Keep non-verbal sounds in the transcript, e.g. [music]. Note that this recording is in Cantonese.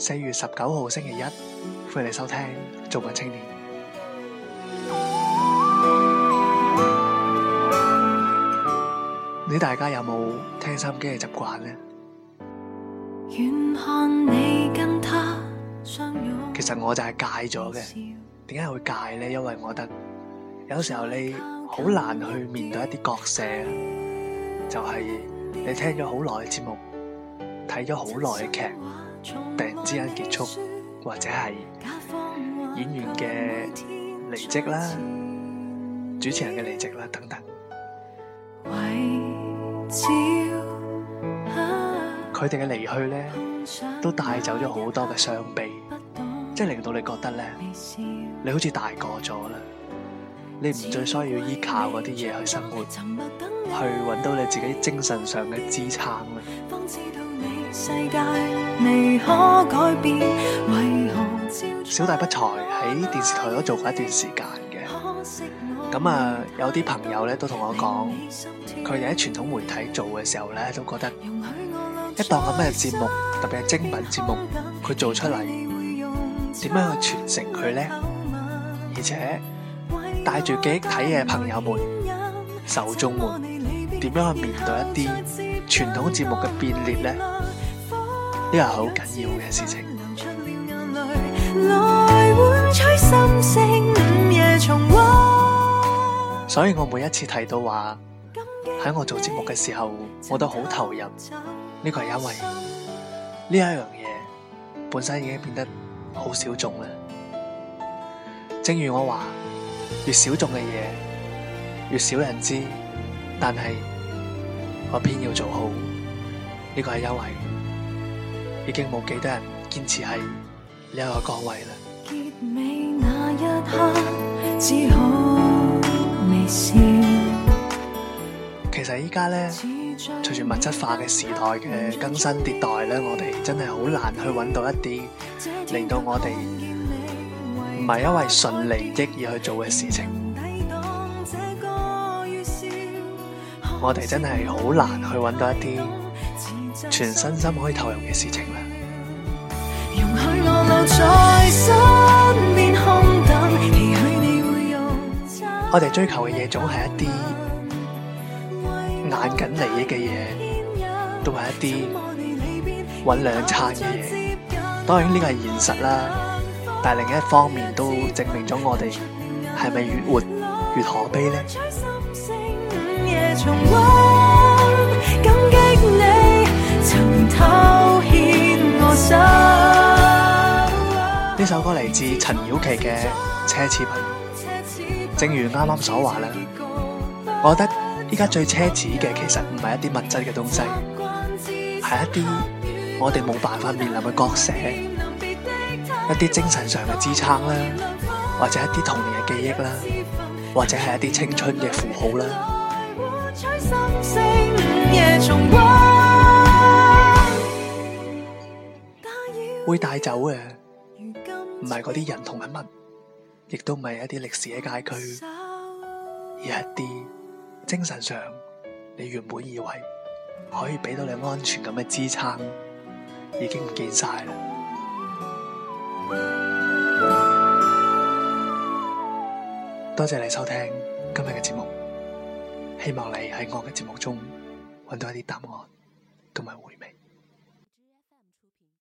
四月十九號星期一，歡迎你收聽《做文青年》。 [music] 你大家有冇聽收音機嘅習慣呢？ [music] 其實我就係戒咗嘅，點解會戒呢？因為我覺得有時候你好難去面對一啲角色，就係、是、你聽咗好耐嘅節目，睇咗好耐嘅劇。突然之間結束，或者係演員嘅離職啦，主持人嘅離職啦，等等。佢哋嘅離去呢，都帶走咗好多嘅傷悲，即係令到你覺得咧，你好似大個咗啦，你唔再需要依靠嗰啲嘢去生活，去揾到你自己精神上嘅支撐啦。小弟不才喺電視台都做過一段時間嘅，咁啊有啲朋友咧都同我講，佢哋喺傳統媒體做嘅時候咧都覺得，一檔咁嘅節目，特別係精品節目，佢做出嚟點樣去傳承佢咧？而且帶住記憶體嘅朋友們、受眾們，點樣去面對一啲傳統節目嘅變裂咧？呢個係好緊要嘅事情。所以我每一次提到話喺我做節目嘅時候，我都好投入。呢個係因為呢一樣嘢本身已經變得好小眾啦。正如我話，越小眾嘅嘢越少人知，但係我偏要做好。呢個係因為。已經冇幾多人堅持喺呢一個崗位啦。其實依家咧，隨住物質化嘅時代嘅更新迭代咧，我哋真係好難去揾到一啲令到我哋唔係因為純利益而去做嘅事情。我哋真係好難去揾到一啲。全身心可以投入嘅事情啦。我哋追求嘅嘢總係一啲眼緊利益嘅嘢，都係一啲揾兩餐嘅嘢。當然呢個係現實啦，但係另一方面都證明咗我哋係咪越活越可悲呢？嗯呢首歌嚟自陳曉琪嘅《奢侈品》，正如啱啱所話啦，我覺得依家最奢侈嘅其實唔係一啲物質嘅東西，係一啲我哋冇辦法面臨嘅割捨，一啲精神上嘅支撐啦，或者一啲童年嘅記憶啦，或者係一啲青春嘅符號啦。會帶走嘅，唔係嗰啲人同文物，亦都唔係一啲歷史嘅街區，而係一啲精神上你原本以為可以俾到你安全感嘅支撐，已經唔見晒啦。 [music] 多謝你收聽今日嘅節目，希望你喺我嘅節目中揾到一啲答案同埋回味。